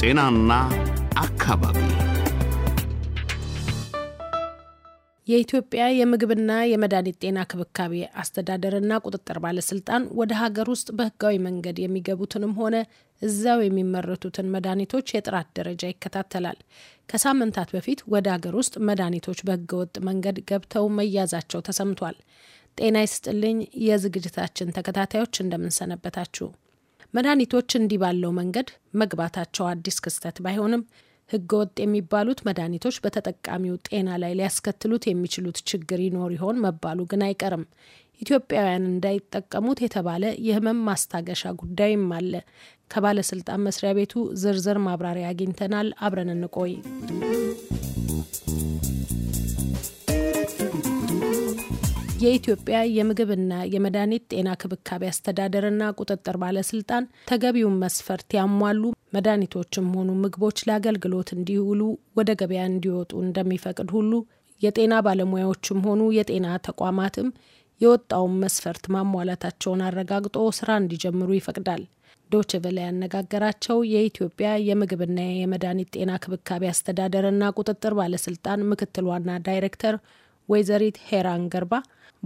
ጤናና አካባቢ የኢትዮጵያ የምግብና የመድኃኒት ጤና ክብካቤ አስተዳደርና ቁጥጥር ባለስልጣን ወደ ሀገር ውስጥ በህጋዊ መንገድ የሚገቡትንም ሆነ እዚያው የሚመረቱትን መድኃኒቶች የጥራት ደረጃ ይከታተላል። ከሳምንታት በፊት ወደ ሀገር ውስጥ መድኃኒቶች በህገወጥ መንገድ ገብተው መያዛቸው ተሰምቷል። ጤና ይስጥልኝ የዝግጅታችን ተከታታዮች እንደምንሰነበታችሁ። መድኃኒቶች እንዲህ ባለው መንገድ መግባታቸው አዲስ ክስተት ባይሆንም ህገወጥ የሚባሉት መድኃኒቶች በተጠቃሚው ጤና ላይ ሊያስከትሉት የሚችሉት ችግር ይኖር ይሆን መባሉ ግን አይቀርም። ኢትዮጵያውያን እንዳይጠቀሙት የተባለ የህመም ማስታገሻ ጉዳይም አለ። ከባለስልጣን መስሪያ ቤቱ ዝርዝር ማብራሪያ አግኝተናል። አብረን እንቆይ። የኢትዮጵያ የምግብና የመድኃኒት ጤና ክብካቤ አስተዳደርና ቁጥጥር ባለስልጣን ተገቢውን መስፈርት ያሟሉ መድኃኒቶችም ሆኑ ምግቦች ለአገልግሎት እንዲውሉ ወደ ገበያ እንዲወጡ እንደሚፈቅድ ሁሉ የጤና ባለሙያዎችም ሆኑ የጤና ተቋማትም የወጣውን መስፈርት ማሟላታቸውን አረጋግጦ ስራ እንዲጀምሩ ይፈቅዳል። ዶች ያነጋገራቸው የኢትዮጵያ የምግብና የመድኃኒት ጤና ክብካቤ አስተዳደርና ቁጥጥር ባለስልጣን ምክትል ዋና ዳይሬክተር ወይዘሪት ሄራን ገርባ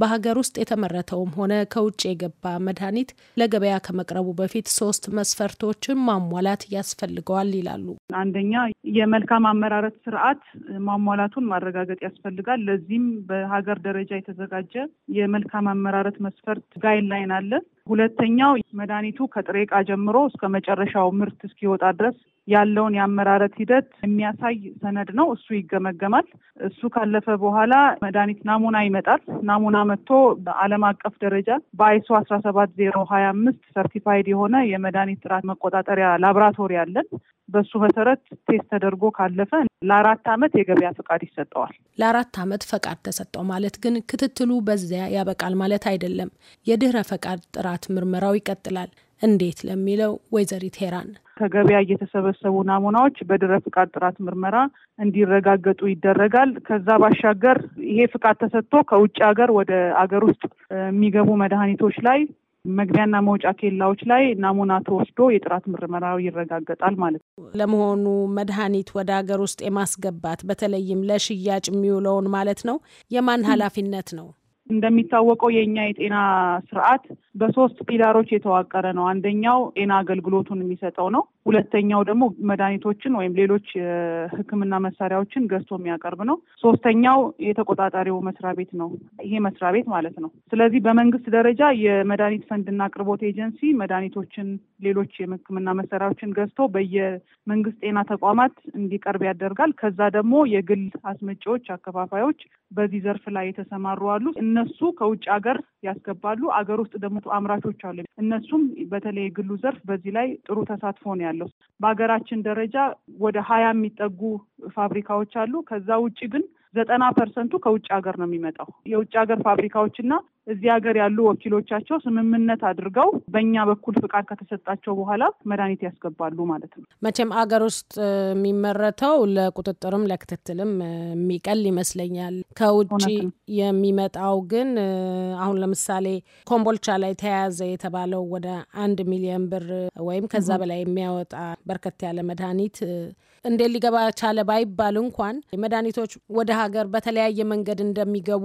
በሀገር ውስጥ የተመረተውም ሆነ ከውጭ የገባ መድኃኒት ለገበያ ከመቅረቡ በፊት ሶስት መስፈርቶችን ማሟላት ያስፈልገዋል ይላሉ። አንደኛ የመልካም አመራረት ስርዓት ማሟላቱን ማረጋገጥ ያስፈልጋል። ለዚህም በሀገር ደረጃ የተዘጋጀ የመልካም አመራረት መስፈርት ጋይድላይን አለ። ሁለተኛው መድኃኒቱ ከጥሬ ዕቃ ጀምሮ እስከ መጨረሻው ምርት እስኪወጣ ድረስ ያለውን የአመራረት ሂደት የሚያሳይ ሰነድ ነው። እሱ ይገመገማል። እሱ ካለፈ በኋላ መድኃኒት ናሙና ይመጣል። ናሙና ናሙና መጥቶ በዓለም አቀፍ ደረጃ በአይሶ አስራ ሰባት ዜሮ ሀያ አምስት ሰርቲፋይድ የሆነ የመድኃኒት ጥራት መቆጣጠሪያ ላብራቶሪ አለን። በሱ መሰረት ቴስት ተደርጎ ካለፈ ለአራት ዓመት የገበያ ፈቃድ ይሰጠዋል። ለአራት ዓመት ፈቃድ ተሰጠው ማለት ግን ክትትሉ በዚያ ያበቃል ማለት አይደለም። የድህረ ፈቃድ ጥራት ምርመራው ይቀጥላል። እንዴት ለሚለው ወይዘሪት ሄራን ከገበያ እየተሰበሰቡ ናሙናዎች በድረ ፍቃድ ጥራት ምርመራ እንዲረጋገጡ ይደረጋል። ከዛ ባሻገር ይሄ ፍቃድ ተሰጥቶ ከውጭ ሀገር ወደ አገር ውስጥ የሚገቡ መድኃኒቶች ላይ መግቢያና መውጫ ኬላዎች ላይ ናሙና ተወስዶ የጥራት ምርመራው ይረጋገጣል ማለት ነው። ለመሆኑ መድኃኒት ወደ ሀገር ውስጥ የማስገባት በተለይም ለሽያጭ የሚውለውን ማለት ነው የማን ኃላፊነት ነው? እንደሚታወቀው የእኛ የጤና ስርዓት በሶስት ፒላሮች የተዋቀረ ነው። አንደኛው ጤና አገልግሎቱን የሚሰጠው ነው። ሁለተኛው ደግሞ መድኃኒቶችን ወይም ሌሎች የሕክምና መሳሪያዎችን ገዝቶ የሚያቀርብ ነው። ሶስተኛው የተቆጣጣሪው መስሪያ ቤት ነው። ይሄ መስሪያ ቤት ማለት ነው። ስለዚህ በመንግስት ደረጃ የመድኃኒት ፈንድና አቅርቦት ኤጀንሲ መድኃኒቶችን፣ ሌሎች የሕክምና መሳሪያዎችን ገዝቶ በየመንግስት ጤና ተቋማት እንዲቀርብ ያደርጋል። ከዛ ደግሞ የግል አስመጪዎች፣ አከፋፋዮች በዚህ ዘርፍ ላይ የተሰማሩ አሉ። እነሱ ከውጭ ሀገር ያስገባሉ። አገር ውስጥ ደግሞ አምራቾች አሉ። እነሱም በተለይ የግሉ ዘርፍ በዚህ ላይ ጥሩ ተሳትፎ ነው ያለው። በሀገራችን ደረጃ ወደ ሀያ የሚጠጉ ፋብሪካዎች አሉ። ከዛ ውጭ ግን ዘጠና ፐርሰንቱ ከውጭ ሀገር ነው የሚመጣው። የውጭ ሀገር ፋብሪካዎች እዚህ ሀገር ያሉ ወኪሎቻቸው ስምምነት አድርገው በእኛ በኩል ፍቃድ ከተሰጣቸው በኋላ መድኃኒት ያስገባሉ ማለት ነው። መቼም አገር ውስጥ የሚመረተው ለቁጥጥርም ለክትትልም የሚቀል ይመስለኛል። ከውጭ የሚመጣው ግን አሁን ለምሳሌ ኮምቦልቻ ላይ ተያያዘ የተባለው ወደ አንድ ሚሊዮን ብር ወይም ከዛ በላይ የሚያወጣ በርከት ያለ መድኃኒት እንዴት ሊገባ ቻለ ባይባል እንኳን መድኃኒቶች ወደ ሀገር በተለያየ መንገድ እንደሚገቡ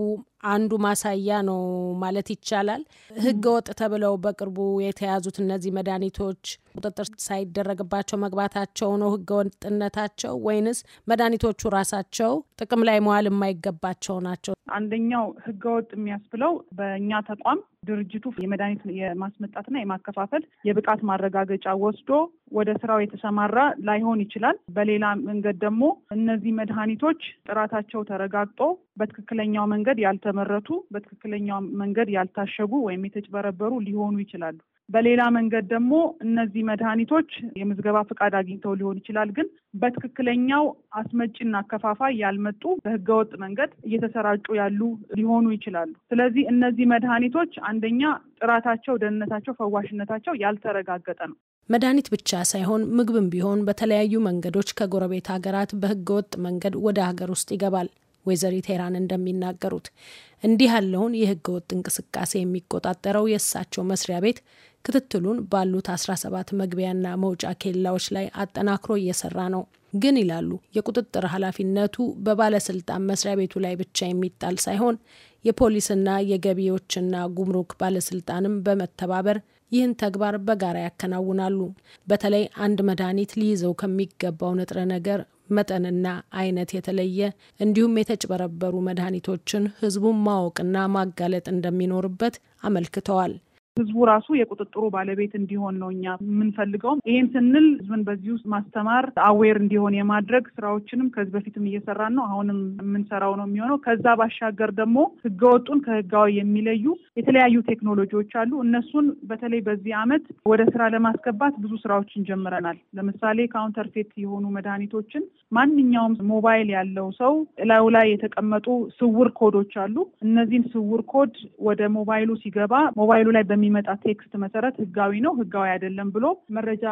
አንዱ ማሳያ ነው ማለት ይቻላል። ህገ ወጥ ተብለው በቅርቡ የተያዙት እነዚህ መድኃኒቶች ቁጥጥር ሳይደረግባቸው መግባታቸው ነው ህገ ወጥነታቸው ወይንስ መድኃኒቶቹ ራሳቸው ጥቅም ላይ መዋል የማይገባቸው ናቸው? አንደኛው ህገ ወጥ የሚያስብለው በእኛ ተቋም ድርጅቱ የመድኃኒት የማስመጣትና የማከፋፈል የብቃት ማረጋገጫ ወስዶ ወደ ስራው የተሰማራ ላይሆን ይችላል። በሌላ መንገድ ደግሞ እነዚህ መድኃኒቶች ጥራታቸው ተረጋግጦ በትክክለኛው መንገድ ያልተመረቱ፣ በትክክለኛው መንገድ ያልታሸጉ ወይም የተጭበረበሩ ሊሆኑ ይችላሉ። በሌላ መንገድ ደግሞ እነዚህ መድኃኒቶች የምዝገባ ፈቃድ አግኝተው ሊሆን ይችላል፣ ግን በትክክለኛው አስመጪና አከፋፋይ ያልመጡ በህገወጥ መንገድ እየተሰራጩ ያሉ ሊሆኑ ይችላሉ። ስለዚህ እነዚህ መድኃኒቶች አንደኛ ጥራታቸው፣ ደህንነታቸው፣ ፈዋሽነታቸው ያልተረጋገጠ ነው። መድኃኒት ብቻ ሳይሆን ምግብም ቢሆን በተለያዩ መንገዶች ከጎረቤት ሀገራት በህገወጥ መንገድ ወደ ሀገር ውስጥ ይገባል። ወይዘሪ ቴራን እንደሚናገሩት እንዲህ ያለውን የህገ ወጥ እንቅስቃሴ የሚቆጣጠረው የእሳቸው መስሪያ ቤት ክትትሉን ባሉት 17 መግቢያና መውጫ ኬላዎች ላይ አጠናክሮ እየሰራ ነው። ግን ይላሉ የቁጥጥር ኃላፊነቱ በባለስልጣን መስሪያ ቤቱ ላይ ብቻ የሚጣል ሳይሆን የፖሊስና የገቢዎችና ጉምሩክ ባለስልጣንም በመተባበር ይህን ተግባር በጋራ ያከናውናሉ። በተለይ አንድ መድኃኒት ሊይዘው ከሚገባው ንጥረ ነገር መጠንና አይነት የተለየ እንዲሁም የተጭበረበሩ መድኃኒቶችን ህዝቡን ማወቅና ማጋለጥ እንደሚኖርበት አመልክተዋል። ህዝቡ ራሱ የቁጥጥሩ ባለቤት እንዲሆን ነው እኛ የምንፈልገውም። ይህን ስንል ህዝብን በዚህ ውስጥ ማስተማር አዌር እንዲሆን የማድረግ ስራዎችንም ከዚህ በፊትም እየሰራን ነው፣ አሁንም የምንሰራው ነው የሚሆነው። ከዛ ባሻገር ደግሞ ህገወጡን ከህጋዊ የሚለዩ የተለያዩ ቴክኖሎጂዎች አሉ። እነሱን በተለይ በዚህ አመት ወደ ስራ ለማስገባት ብዙ ስራዎችን ጀምረናል። ለምሳሌ ካውንተርፌት የሆኑ መድኃኒቶችን ማንኛውም ሞባይል ያለው ሰው እላዩ ላይ የተቀመጡ ስውር ኮዶች አሉ። እነዚህን ስውር ኮድ ወደ ሞባይሉ ሲገባ ሞባይሉ ላይ በሚ በሚመጣ ቴክስት መሰረት ህጋዊ ነው፣ ህጋዊ አይደለም ብሎ መረጃ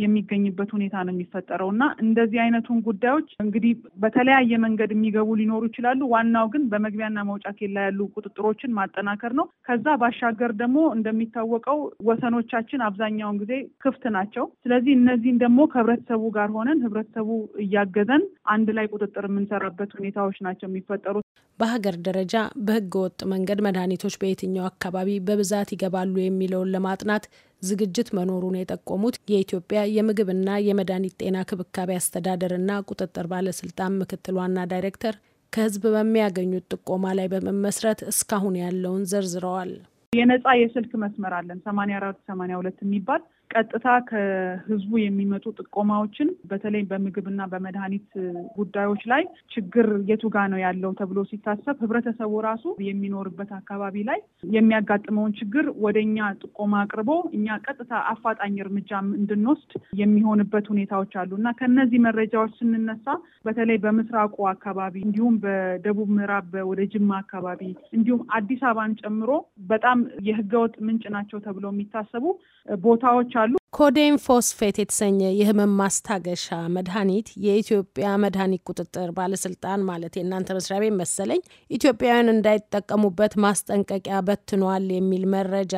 የሚገኝበት ሁኔታ ነው የሚፈጠረው እና እንደዚህ አይነቱን ጉዳዮች እንግዲህ በተለያየ መንገድ የሚገቡ ሊኖሩ ይችላሉ። ዋናው ግን በመግቢያና መውጫ ኬላ ያሉ ቁጥጥሮችን ማጠናከር ነው። ከዛ ባሻገር ደግሞ እንደሚታወቀው ወሰኖቻችን አብዛኛውን ጊዜ ክፍት ናቸው። ስለዚህ እነዚህን ደግሞ ከህብረተሰቡ ጋር ሆነን ህብረተሰቡ እያገዘን አንድ ላይ ቁጥጥር የምንሰራበት ሁኔታዎች ናቸው የሚፈጠሩት። በሀገር ደረጃ በህገ ወጥ መንገድ መድኃኒቶች በየትኛው አካባቢ በብዛት ይገባሉ የሚለውን ለማጥናት ዝግጅት መኖሩን የጠቆሙት የኢትዮጵያ የምግብና የመድኃኒት ጤና ክብካቤ አስተዳደርና ቁጥጥር ባለስልጣን ምክትል ዋና ዳይሬክተር ከህዝብ በሚያገኙት ጥቆማ ላይ በመመስረት እስካሁን ያለውን ዘርዝረዋል። የነጻ የስልክ መስመር አለን ሰማንያ አራት ሰማንያ ሁለት የሚባል ቀጥታ ከህዝቡ የሚመጡ ጥቆማዎችን በተለይ በምግብና በመድኃኒት ጉዳዮች ላይ ችግር የቱጋ ነው ያለው ተብሎ ሲታሰብ ህብረተሰቡ ራሱ የሚኖርበት አካባቢ ላይ የሚያጋጥመውን ችግር ወደ እኛ ጥቆማ አቅርቦ እኛ ቀጥታ አፋጣኝ እርምጃ እንድንወስድ የሚሆንበት ሁኔታዎች አሉ እና ከነዚህ መረጃዎች ስንነሳ በተለይ በምስራቁ አካባቢ እንዲሁም በደቡብ ምዕራብ ወደ ጅማ አካባቢ እንዲሁም አዲስ አበባን ጨምሮ በጣም የህገወጥ ምንጭ ናቸው ተብሎ የሚታሰቡ ቦታዎች አሉ ኮዴን ፎስፌት የተሰኘ የህመም ማስታገሻ መድኃኒት የኢትዮጵያ መድኃኒት ቁጥጥር ባለስልጣን ማለት የእናንተ መስሪያ ቤት መሰለኝ ኢትዮጵያውያን እንዳይጠቀሙበት ማስጠንቀቂያ በትኗል የሚል መረጃ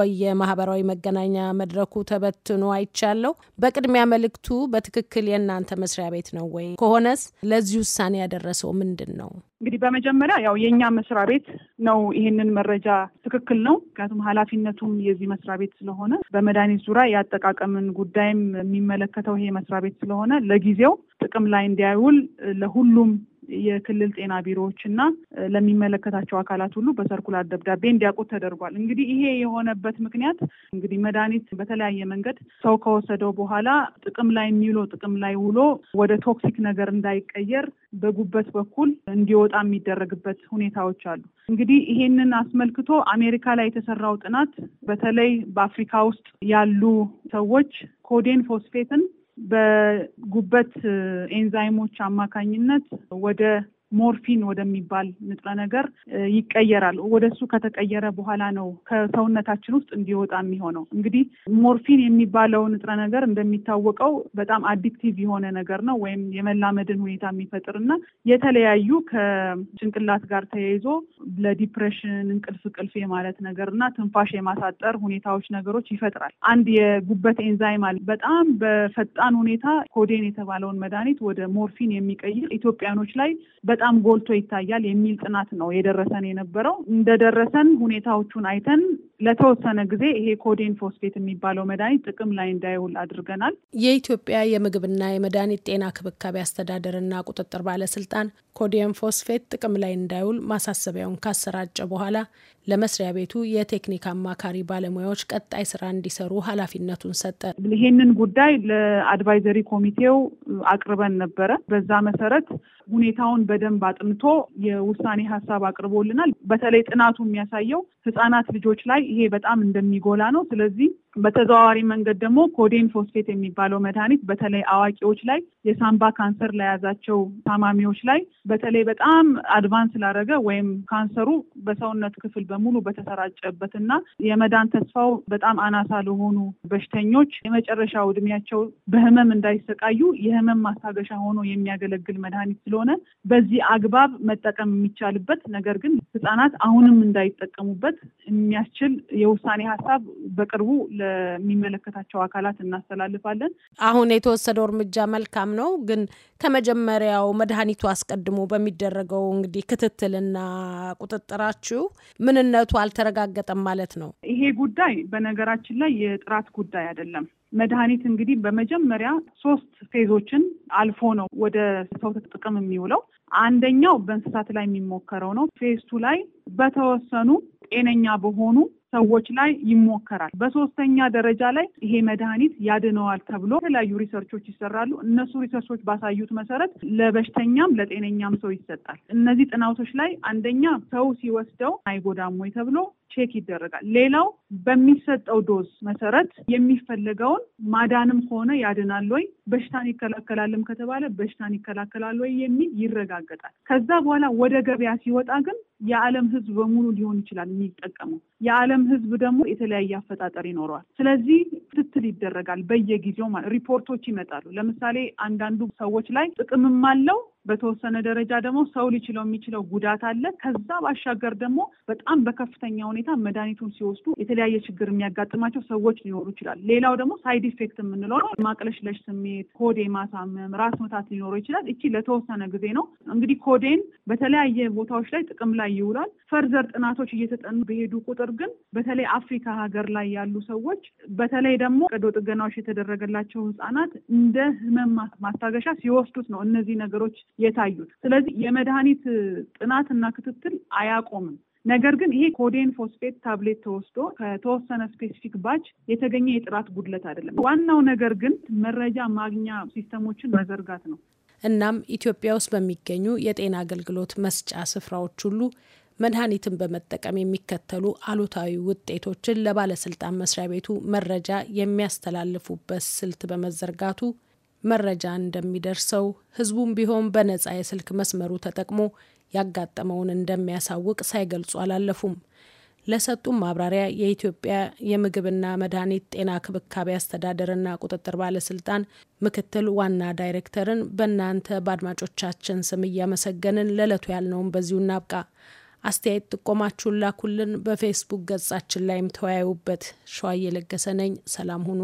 በየማህበራዊ መገናኛ መድረኩ ተበትኖ አይቻለሁ። በቅድሚያ መልእክቱ በትክክል የእናንተ መስሪያ ቤት ነው ወይ? ከሆነስ ለዚህ ውሳኔ ያደረሰው ምንድን ነው? እንግዲህ በመጀመሪያ ያው የእኛ መስሪያ ቤት ነው ይህንን መረጃ ትክክል ነው። ምክንያቱም ኃላፊነቱም የዚህ መስሪያ ቤት ስለሆነ በመድኃኒት ዙሪያ አጠቃቀምን ጉዳይም የሚመለከተው ይሄ መስሪያ ቤት ስለሆነ ለጊዜው ጥቅም ላይ እንዲያይውል ለሁሉም የክልል ጤና ቢሮዎች እና ለሚመለከታቸው አካላት ሁሉ በሰርኩላር ደብዳቤ እንዲያውቁት ተደርጓል። እንግዲህ ይሄ የሆነበት ምክንያት እንግዲህ መድኃኒት በተለያየ መንገድ ሰው ከወሰደው በኋላ ጥቅም ላይ የሚውለው ጥቅም ላይ ውሎ ወደ ቶክሲክ ነገር እንዳይቀየር በጉበት በኩል እንዲወጣ የሚደረግበት ሁኔታዎች አሉ። እንግዲህ ይሄንን አስመልክቶ አሜሪካ ላይ የተሰራው ጥናት በተለይ በአፍሪካ ውስጥ ያሉ ሰዎች ኮዴን ፎስፌትን በጉበት ኤንዛይሞች አማካኝነት ወደ ሞርፊን ወደሚባል ንጥረ ነገር ይቀየራል። ወደሱ ከተቀየረ በኋላ ነው ከሰውነታችን ውስጥ እንዲወጣ የሚሆነው። እንግዲህ ሞርፊን የሚባለው ንጥረ ነገር እንደሚታወቀው በጣም አዲክቲቭ የሆነ ነገር ነው ወይም የመላመድን ሁኔታ የሚፈጥር እና የተለያዩ ከጭንቅላት ጋር ተያይዞ ለዲፕሬሽን እንቅልፍ ቅልፍ የማለት ነገር እና ትንፋሽ የማሳጠር ሁኔታዎች ነገሮች ይፈጥራል። አንድ የጉበት ኤንዛይም አለ በጣም በፈጣን ሁኔታ ኮዴን የተባለውን መድኃኒት ወደ ሞርፊን የሚቀይር ኢትዮጵያኖች ላይ በጣም ጎልቶ ይታያል የሚል ጥናት ነው የደረሰን የነበረው። እንደደረሰን ሁኔታዎቹን አይተን ለተወሰነ ጊዜ ይሄ ኮዴን ፎስፌት የሚባለው መድኃኒት ጥቅም ላይ እንዳይውል አድርገናል። የኢትዮጵያ የምግብና የመድኃኒት ጤና ክብካቤ አስተዳደርና ቁጥጥር ባለስልጣን ኮዴን ፎስፌት ጥቅም ላይ እንዳይውል ማሳሰቢያውን ካሰራጨ በኋላ ለመስሪያ ቤቱ የቴክኒክ አማካሪ ባለሙያዎች ቀጣይ ስራ እንዲሰሩ ኃላፊነቱን ሰጠ። ይሄንን ጉዳይ ለአድቫይዘሪ ኮሚቴው አቅርበን ነበረ። በዛ መሰረት ሁኔታውን በደንብ አጥንቶ የውሳኔ ሀሳብ አቅርቦልናል። በተለይ ጥናቱ የሚያሳየው ህጻናት ልጆች ላይ ይሄ በጣም እንደሚጎላ ነው። ስለዚህ በተዘዋዋሪ መንገድ ደግሞ ኮዴን ፎስፌት የሚባለው መድኃኒት በተለይ አዋቂዎች ላይ የሳምባ ካንሰር ለያዛቸው ታማሚዎች ላይ በተለይ በጣም አድቫንስ ላደረገ ወይም ካንሰሩ በሰውነት ክፍል በሙሉ በተሰራጨበት እና የመዳን ተስፋው በጣም አናሳ ለሆኑ በሽተኞች የመጨረሻው እድሜያቸው በህመም እንዳይሰቃዩ የህመም ማስታገሻ ሆኖ የሚያገለግል መድኃኒት ስለሆነ በዚህ አግባብ መጠቀም የሚቻልበት ነገር ግን ህጻናት አሁንም እንዳይጠቀሙበት ለማስቀመጥ የሚያስችል የውሳኔ ሀሳብ በቅርቡ ለሚመለከታቸው አካላት እናስተላልፋለን። አሁን የተወሰደው እርምጃ መልካም ነው፣ ግን ከመጀመሪያው መድኃኒቱ አስቀድሞ በሚደረገው እንግዲህ ክትትልና ቁጥጥራችሁ ምንነቱ አልተረጋገጠም ማለት ነው። ይሄ ጉዳይ በነገራችን ላይ የጥራት ጉዳይ አይደለም። መድኃኒት እንግዲህ በመጀመሪያ ሶስት ፌዞችን አልፎ ነው ወደ ሰው ጥቅም የሚውለው። አንደኛው በእንስሳት ላይ የሚሞከረው ነው። ፌዝ ቱ ላይ በተወሰኑ ጤነኛ በሆኑ ሰዎች ላይ ይሞከራል። በሶስተኛ ደረጃ ላይ ይሄ መድኃኒት ያድነዋል ተብሎ የተለያዩ ሪሰርቾች ይሰራሉ። እነሱ ሪሰርቾች ባሳዩት መሰረት ለበሽተኛም ለጤነኛም ሰው ይሰጣል። እነዚህ ጥናቶች ላይ አንደኛ ሰው ሲወስደው አይጎዳም ወይ ተብሎ ቼክ ይደረጋል። ሌላው በሚሰጠው ዶዝ መሰረት የሚፈለገውን ማዳንም ሆነ ያድናል ወይ፣ በሽታን ይከላከላልም ከተባለ በሽታን ይከላከላል ወይ የሚል ይረጋገጣል። ከዛ በኋላ ወደ ገበያ ሲወጣ ግን የዓለም ሕዝብ በሙሉ ሊሆን ይችላል የሚጠቀመው። የዓለም ሕዝብ ደግሞ የተለያየ አፈጣጠር ይኖረዋል። ስለዚህ ክትትል ይደረጋል በየጊዜው ሪፖርቶች ይመጣሉ። ለምሳሌ አንዳንዱ ሰዎች ላይ ጥቅምም አለው በተወሰነ ደረጃ ደግሞ ሰው ሊችለው የሚችለው ጉዳት አለ። ከዛ ባሻገር ደግሞ በጣም በከፍተኛ ሁኔታ መድኃኒቱን ሲወስዱ የተለያየ ችግር የሚያጋጥማቸው ሰዎች ሊኖሩ ይችላል። ሌላው ደግሞ ሳይድ ኢፌክት የምንለው ነው። ማቅለሽለሽ ስሜት፣ ኮዴ ማሳመም፣ ራስ ምታት ሊኖሩ ይችላል። እቺ ለተወሰነ ጊዜ ነው። እንግዲህ ኮዴን በተለያየ ቦታዎች ላይ ጥቅም ላይ ይውላል። ፈርዘር ጥናቶች እየተጠኑ በሄዱ ቁጥር ግን በተለይ አፍሪካ ሀገር ላይ ያሉ ሰዎች በተለይ ደግሞ ቀዶ ጥገናዎች የተደረገላቸው ህጻናት እንደ ህመም ማስታገሻ ሲወስዱት ነው እነዚህ ነገሮች የታዩት። ስለዚህ የመድኃኒት ጥናትና ክትትል አያቆምም። ነገር ግን ይሄ ኮዴን ፎስፌት ታብሌት ተወስዶ ከተወሰነ ስፔሲፊክ ባች የተገኘ የጥራት ጉድለት አይደለም። ዋናው ነገር ግን መረጃ ማግኛ ሲስተሞችን መዘርጋት ነው። እናም ኢትዮጵያ ውስጥ በሚገኙ የጤና አገልግሎት መስጫ ስፍራዎች ሁሉ መድኃኒትን በመጠቀም የሚከተሉ አሉታዊ ውጤቶችን ለባለስልጣን መስሪያ ቤቱ መረጃ የሚያስተላልፉበት ስልት በመዘርጋቱ መረጃ እንደሚደርሰው ህዝቡም ቢሆን በነጻ የስልክ መስመሩ ተጠቅሞ ያጋጠመውን እንደሚያሳውቅ ሳይገልጹ አላለፉም። ለሰጡም ማብራሪያ የኢትዮጵያ የምግብና መድኃኒት ጤና ክብካቤ አስተዳደርና ቁጥጥር ባለስልጣን ምክትል ዋና ዳይሬክተርን በእናንተ በአድማጮቻችን ስም እያመሰገንን ለዕለቱ ያልነውን በዚሁ እናብቃ። አስተያየት ጥቆማችሁን ላኩልን። በፌስቡክ ገጻችን ላይም ተወያዩበት። ሸዋዬ ለገሰ ነኝ። ሰላም ሁኑ።